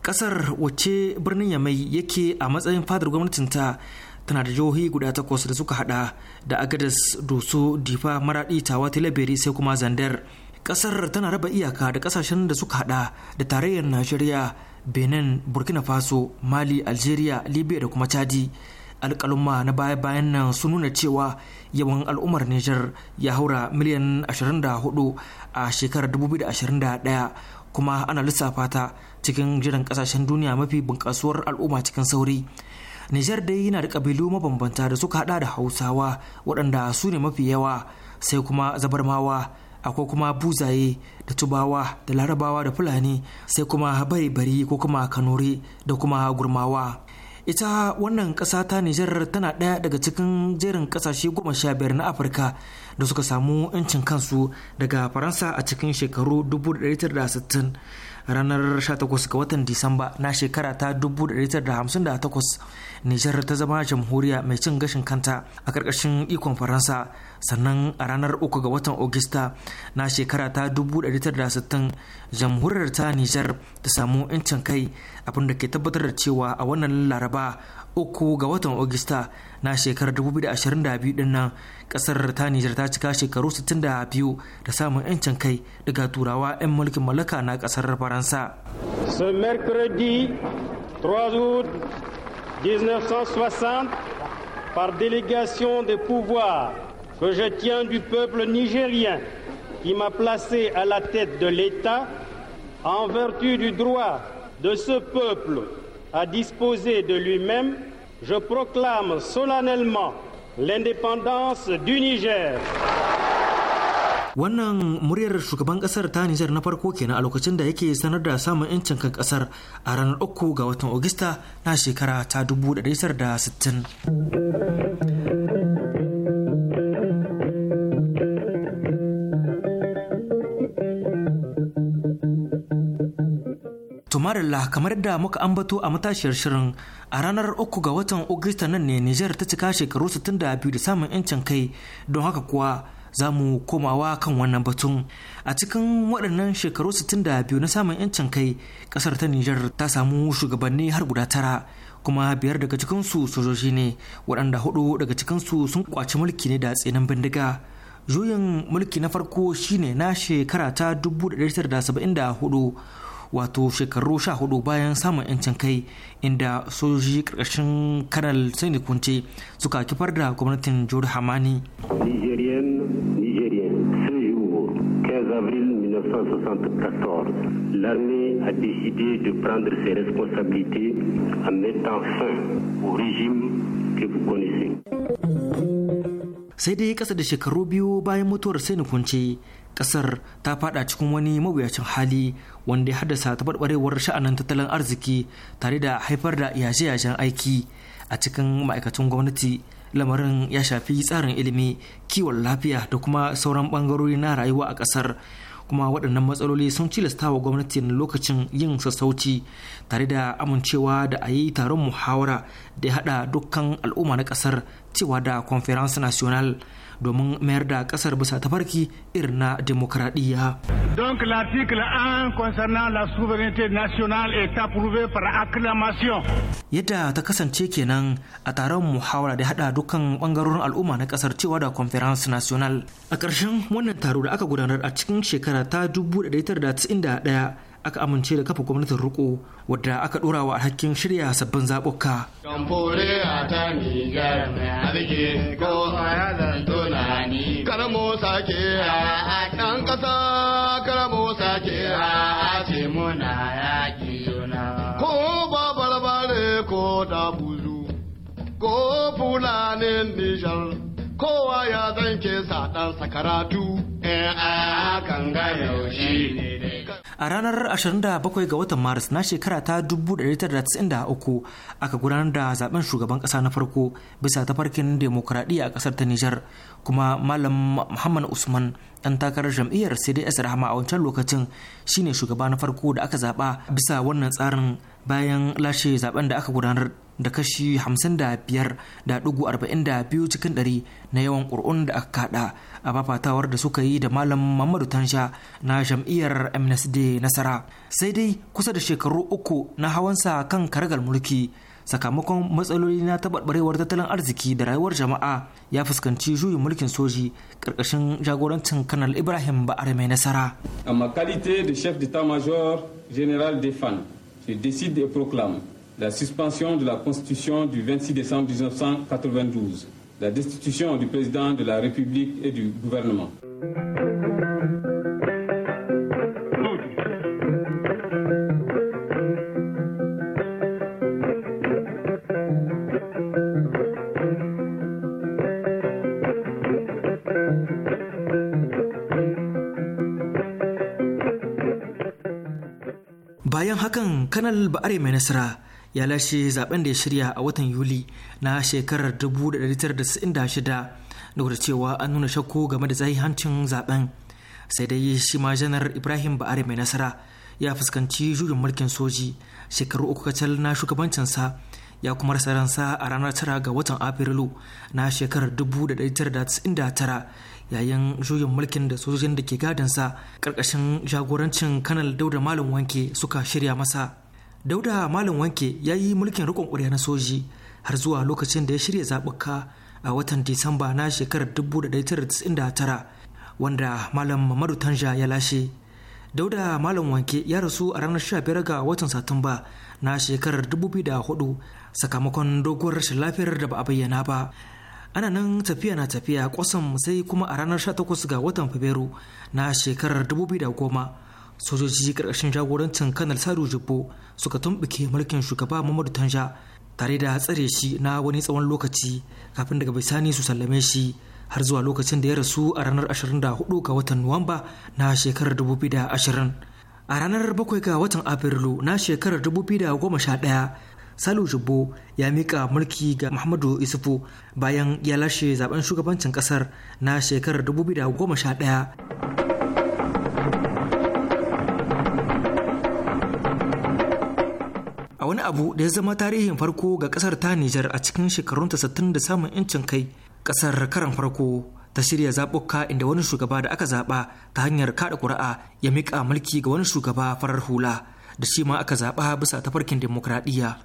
kasar wacce birnin yamai yake a matsayin fadar gwamnatinta tana da jihohi guda takwas da suka hada da agadas dusu difa maradi tawa tilaberi sai kuma zandar kasar tana raba iyaka da kasashen da suka hada da tarayyar najeriya benin burkina faso mali algeria libya da kuma chadi alkalumma na baya-bayan nan sun nuna cewa yawan al'ummar niger ya haura miliyan 24 a shekarar 2021 kuma ana lissafa ta cikin jiran kasashen duniya mafi bunkasuwar al'umma cikin sauri Nijar dai yana da ƙabilu mabambanta da suka haɗa da Hausawa waɗanda su ne mafi yawa sai kuma zabarmawa akwai kuma buzaye da tubawa da larabawa da fulani sai kuma bari-bari ko kuma kanuri da kuma gurmawa ita wannan ƙasa ta nijar tana ɗaya daga cikin jerin ƙasashe goma sha biyar na afirka da suka samu 'yancin kansu daga faransa a cikin shekaru 1960 ranar 18 ga watan disamba na shekara ta 1958 nijar ta zama jamhuriya mai cin gashin kanta a karkashin ikon faransa sannan a ranar 3 ga watan ogista na shekara ta 1960 jamhuriyar ta nijar ta samu 'yancin kai abinda ke tabbatar da cewa a wannan laraba uku ga watan Agusta na shekarar 2022 din nan kasar ta Nijar ta cika shekaru 62 da samun 'yancin kai daga turawa 'yan mulkin mallaka na kasar Faransa. Ce mercredi 3 août 1960 par délégation de pouvoir que je tiens du peuple nigérien qui m'a placé à la tête de l'État en vertu du droit de ce peuple à disposer de lui-même, je proclame solennellement l'indépendance du Niger. Wannan muryar shugaban kasar ta Nijar na farko kenan a lokacin da yake sanar da samun 'yancin kan kasar a ranar uku ga watan agusta na shekara ta 1960. allah kamar da muka ambato a matashiyar shirin a ranar uku ga watan Ogista nan ne Nijar ta cika shekaru 62 da samun 'yancin kai don haka kuwa za mu komawa kan wannan batun. A cikin waɗannan shekaru 62 na samun 'yancin kai ƙasar ta Nijar ta samu shugabanni har guda tara kuma biyar daga cikinsu sojoji ne waɗanda hudu daga cikinsu sun kwaci mulki ne da tsinin bindiga. Juyin mulki na farko shine na shekara ta 1974 wato shekaru sha hudu bayan samun 'yancin kai inda sojoji karkashin kanal sai kunce suka kifar da gwamnatin jihar hamani avril 1974, l'armée a décidé de prendre ses responsabilités en mettant fin au régime que vous connaissez. sai dai kasa da shekaru biyu bayan mutuwar sai kunce kasar ta fada cikin wani mawuyacin hali wanda ya haddasa taɓarɓarewar sha'anin tattalin arziki tare da haifar da yaje-yajen aiki a cikin ma'aikatan gwamnati lamarin ya shafi tsarin ilimi kiwon lafiya da kuma sauran ɓangarori na rayuwa a ƙasar kuma waɗannan matsaloli sun cilasta wa gwamnati na lokacin yin sassauci tare da amincewa da a yi taron muhawara da ya haɗa dukkan al'umma na ƙasar cewa da conference national domin mayar da kasar bisa tafarki irin na demokradiyya. Donc l'article 1 concernant la souveraineté nationale est approuvé par acclamation. Yadda ta kasance kenan a taron muhawara da hada dukkan bangarorin al'umma na kasar cewa da conference national. A ƙarshen wannan taro da aka gudanar a cikin shekara ta 1991 aka amince da kafa gwamnatin riko wadda aka dora wa alhakin shirya sabbin zaɓuka. Kamfore a ta Nijar mai arziki ko a yanar tunani. Karamo sake a ɗan ƙasa karamo sake a ce muna yaƙi juna. Ko ba barbare ko da buzu ko fulani Nijar kowa ya zanke sa ɗan sakaratu. Eh a kan ga yaushe ne dai. A ranar 27 ga watan Maris na shekara ta 1993 aka gudanar da zaben shugaban kasa na farko bisa ta farkin demokuraɗiyya a kasar ta Nijar kuma Malam Muhammad Usman ɗan takarar jam'iyyar CDS Rahama a wancan lokacin shine shugaba na farko da aka zaba bisa wannan tsarin bayan lashe zaben da aka gudanar da kashi 55.42 cikin 100 na yawan ƙuri'un da aka kaɗa a fafatawar da suka yi da malam Muhammadu Tansha na jam'iyyar MNSD nasara sai dai kusa da shekaru uku na hawansa kan karagar mulki sakamakon matsaloli na taɓarɓarewar tattalin arziki da rayuwar jama'a ya fuskanci juyin mulkin soji ƙarƙashin jagorancin kanal ibrahim ba'ar mai nasara a makalite da chef d'état major general defan je décide et proclame la suspension de la constitution du 26 décembre 1992 la destitution du président de la République et du gouvernement. Bayan hakan kanal ya lashe zaben da ya shirya a watan yuli na shekarar 1996 da cewa an nuna shakku game da hancin zaben sai dai shi ma janar ibrahim ba'ari mai nasara ya fuskanci juyin mulkin soji shekaru uku kacal na shugabancinsa ya kuma rasa ransa a ranar tara ga watan afrilu na shekarar 1999 yayin juyin mulkin da sojojin da ke gadansa karkashin jagorancin kanal dauda malam wanke suka shirya masa dauda malam wanke ya yi mulkin rikon ƙurya na soji har zuwa lokacin da ya shirya zaɓuka a watan disamba na shekarar 1999 wanda malam mamadu tanja ya lashe dauda malam wanke ya rasu a ranar 15 ga watan satumba na shekarar 2004 sakamakon doguwar rashin lafiyar da ba a bayyana ba ana nan tafiya na tafiya kwasan sai kuma a ranar 18 ga watan fabrairu na shekarar 2010 sojoji karkashin jagorancin kanar sadu jibbo suka tumbuke mulkin shugaba mamadu tanja tare da tsare shi na wani tsawon lokaci kafin daga bisani su sallame shi har zuwa lokacin da ya rasu a ranar 24 ga watan nuwamba na shekarar 2020 a ranar 7 ga watan afrilu na shekarar 2011 salu jibbo ya mika mulki ga muhammadu isufu bayan ya lashe zaben shugabancin kasar na shekarar 2011 wani abu da ya zama tarihin farko ga kasar ta Nijar a cikin shekarun ta da samun incin kai kasar karan farko ta shirya zaɓuka inda wani shugaba da aka zaɓa ta hanyar kaɗa ƙuri'a ya mika mulki ga wani shugaba farar hula da shi ma aka zaɓa bisa ta farkin demokradiyya.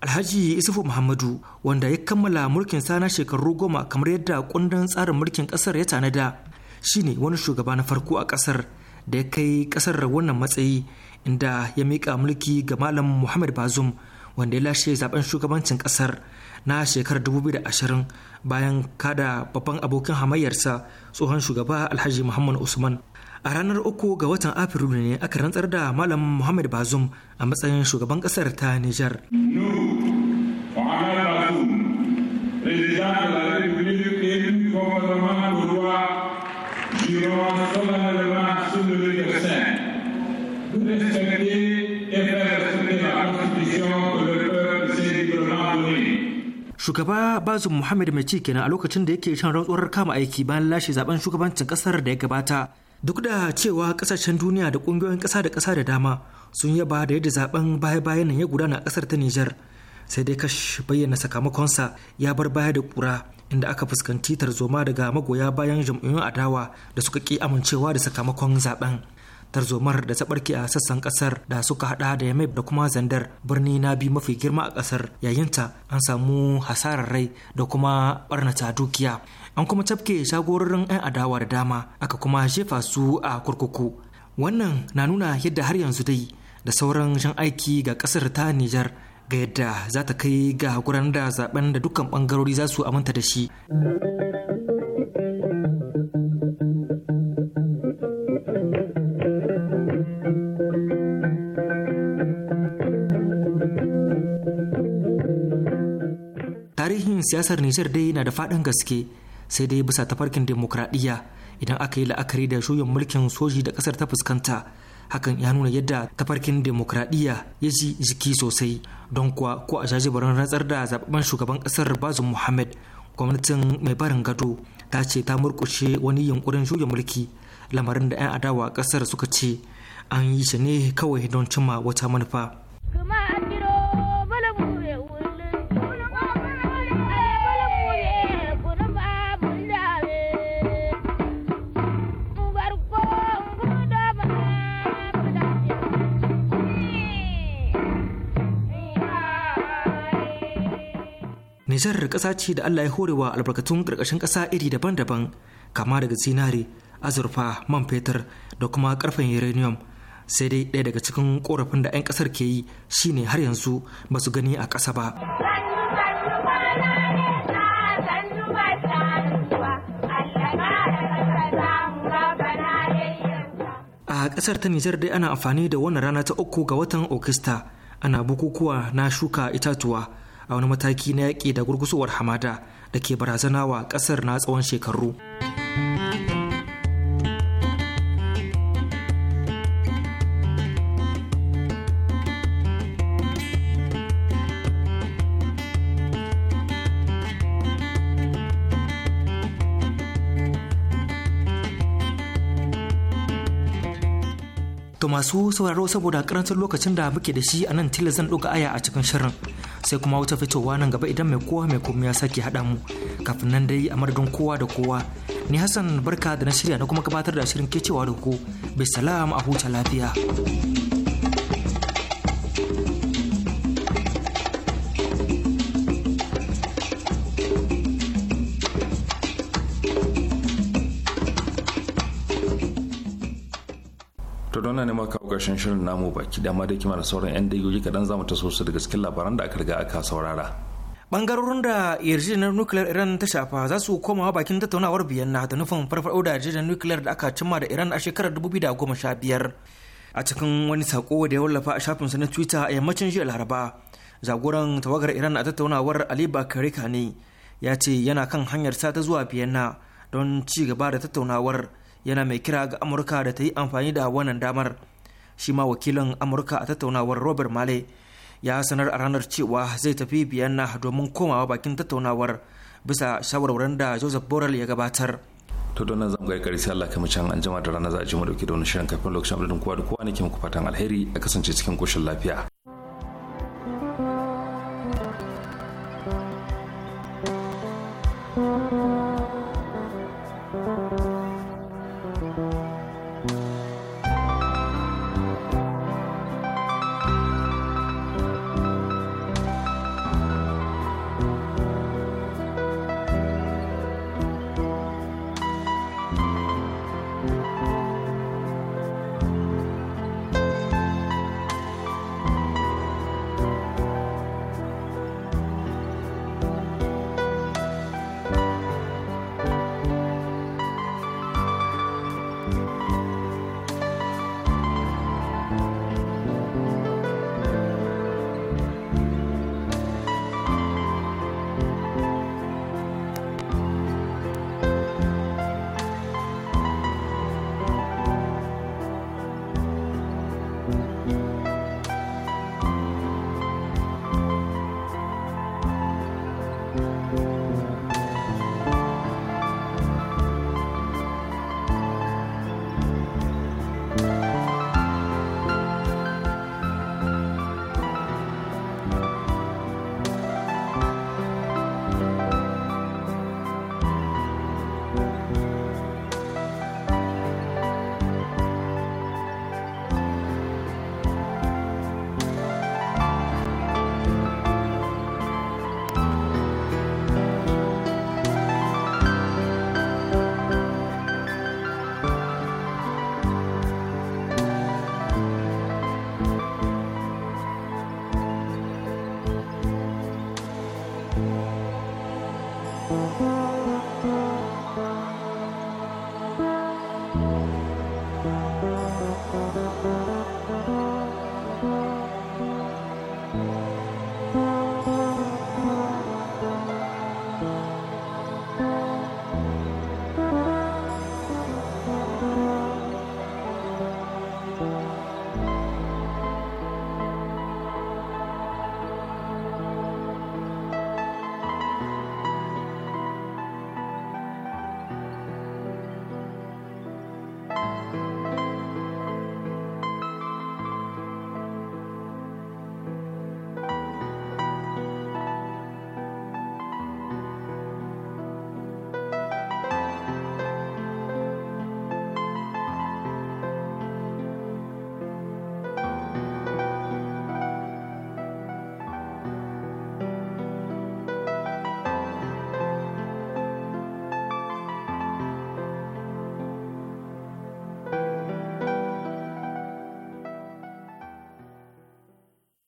Alhaji Isufu Muhammadu wanda ya kammala mulkin sana shekaru goma kamar yadda kundin tsarin mulkin ƙasar ya tanada shine wani shugaba na farko a ƙasar da ya kai ƙasar wannan matsayi inda ya miƙa mulki ga malam muhammad bazum wanda ya lashe zaben shugabancin kasar na shekarar 2020 bayan kada babban abokin hamayyarsa tsohon shugaba alhaji muhammad usman a ranar uku ga watan afrilu ne aka rantsar da malam muhammad bazum a matsayin shugaban kasar ta nijar. Shugaba Bazum Muhammad mai ci kenan a lokacin da yake shan rantsuwar kama aiki bayan lashe zaben shugabancin kasar da ya gabata. Duk da cewa kasashen duniya da kungiyoyin kasa da kasa da dama sun yaba da yadda zaben baya-bayan nan ya gudana a kasar ta Nijar. Sai dai kash bayyana sakamakonsa ya bar baya da kura inda aka fuskanci tarzoma daga magoya bayan jam'iyyun adawa da suka ki amincewa da sakamakon zaben. tarzomar da ta barke a sassan kasar da suka hada da yamai da kuma zandar birni na biyu mafi girma a kasar yayinta an samu hasarar rai da kuma barnata dukiya an kuma tafke shagororin 'yan adawa da dama aka kuma jefa su a kurkuku wannan na nuna yadda har yanzu dai da sauran shan aiki ga kasar ta nijar ga yadda za ta kai ga guran da zaben da dukkan bangarori za su aminta da shi siyasar Nijar dai na da faɗin gaske sai dai bisa tafarkin demokradiyya idan aka yi la'akari da shuyin mulkin soji da ƙasar ta fuskanta hakan ya nuna yadda tafarkin demokradiyya ya ji jiki sosai don kuwa ko a jajibarin rantsar da zababben shugaban ƙasar bazu muhammad gwamnatin mai barin gado ta ce ta murkushe wani yunkurin shuyin mulki lamarin da 'yan adawa ƙasar suka ce an yi shi ne kawai don cimma wata manufa Nijar ƙasa ce da Allah ya horewa albarkatun ƙarƙashin ƙasa iri daban-daban kama daga zinari azurfa, man fetur da kuma ƙarfen uranium. Sai dai ɗaya daga cikin ƙorafin da 'yan ƙasar ke yi shine har yanzu ba su gani a ƙasa ba. A ƙasar ta Nijar dai ana amfani da wannan rana ta uku ga watan Okista ana bukukuwa na shuka itatuwa. a wani mataki na yaƙi da gurgusowar hamada da ke barazana wa ƙasar na tsawon shekaru. masu sauraro saboda karancin lokacin da muke da shi a nan tilas zan ɗoga aya a cikin shirin sai kuma wata fitowa nan gaba idan mai kowa mai komai ya sake haɗa mu kafin nan dai a madadin kowa da kowa ni hassan barka da na shirya na kuma gabatar da shirin ke cewa da ku bisalam a huta lafiya. muna neman kawo ƙarshen shirin namu baki dama da kima da sauran 'yan dayoyi kaɗan zamu ta su daga cikin labaran da aka riga aka saurara. Bangarorin da yarjejeniyar nukiliyar Iran ta shafa za su komawa bakin tattaunawar biyanna da nufin farfaɗo da yarjejeniyar nukiliyar da aka cimma da Iran a shekarar 2015. A cikin wani sako da ya wallafa a shafinsa na Twitter a yammacin jiya Laraba, jagoran tawagar Iran a tattaunawar Ali Bakari ne ya ce yana kan hanyar sa ta zuwa biyanna don ci gaba da tattaunawar yana mai kira ga amurka da ta yi amfani da wannan damar shi ma wakilin amurka a tattaunawar robert male ya sanar a ranar cewa zai tafi biyanna domin komawa bakin tattaunawar bisa shawarwarin da joseph borrell ya gabatar to don nan zamu ga kari sai Allah kai can anjima da rana za a ji mu dauke da wani shirin kafin lokacin abudin kowa da kowa ne ke muku fatan alheri a kasance cikin koshin lafiya